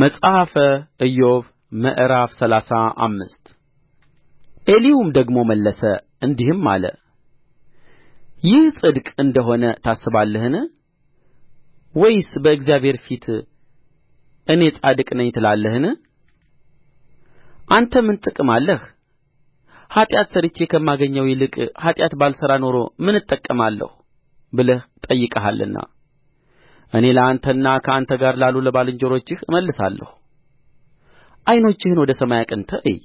መጽሐፈ ኢዮብ ምዕራፍ ሰላሳ አምስት ኤሊሁም ደግሞ መለሰ እንዲህም አለ ይህ ጽድቅ እንደ ሆነ ታስባለህን ወይስ በእግዚአብሔር ፊት እኔ ጻድቅ ነኝ ትላለህን አንተ ምን ጥቅም አለህ ኃጢአት ሠርቼ ከማገኘው ይልቅ ኃጢአት ባልሠራ ኖሮ ምን እጠቀማለሁ ብለህ ጠይቀሃልና እኔ ለአንተና ከአንተ ጋር ላሉ ለባልንጀሮችህ እመልሳለሁ ዓይኖችህን ወደ ሰማይ አቅንተህ እይ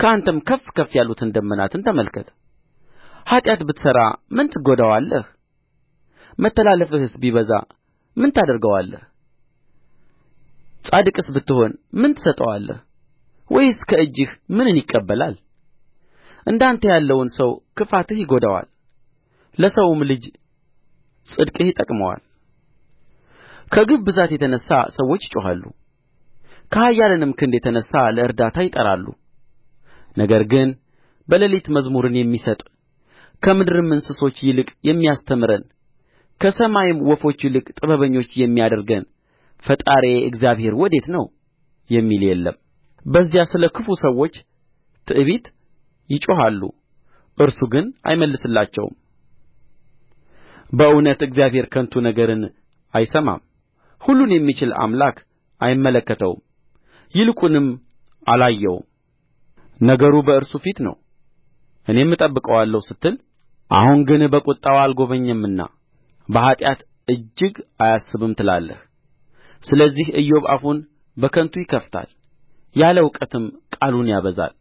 ከአንተም ከፍ ከፍ ያሉትን ደመናትን ተመልከት ኃጢአት ብትሠራ ምን ትጐዳዋለህ መተላለፍህስ ቢበዛ ምን ታደርገዋለህ ጻድቅስ ብትሆን ምን ትሰጠዋለህ ወይስ ከእጅህ ምንን ይቀበላል እንደ አንተ ያለውን ሰው ክፋትህ ይጐዳዋል ለሰውም ልጅ ጽድቅህ ይጠቅመዋል ከግፍ ብዛት የተነሣ ሰዎች ይጮኻሉ ከኃያላንም ክንድ የተነሣ ለእርዳታ ይጠራሉ ነገር ግን በሌሊት መዝሙርን የሚሰጥ ከምድርም እንስሶች ይልቅ የሚያስተምረን ከሰማይም ወፎች ይልቅ ጥበበኞች የሚያደርገን ፈጣሪዬ እግዚአብሔር ወዴት ነው የሚል የለም በዚያ ስለ ክፉ ሰዎች ትዕቢት ይጮኻሉ እርሱ ግን አይመልስላቸውም በእውነት እግዚአብሔር ከንቱ ነገርን አይሰማም ሁሉን የሚችል አምላክ አይመለከተውም ይልቁንም አላየውም ነገሩ በእርሱ ፊት ነው እኔም እጠብቀዋለሁ ስትል አሁን ግን በቍጣው አልጐበኘምና በኃጢአት እጅግ አያስብም ትላለህ ስለዚህ ኢዮብ አፉን በከንቱ ይከፍታል ያለ እውቀትም ቃሉን ያበዛል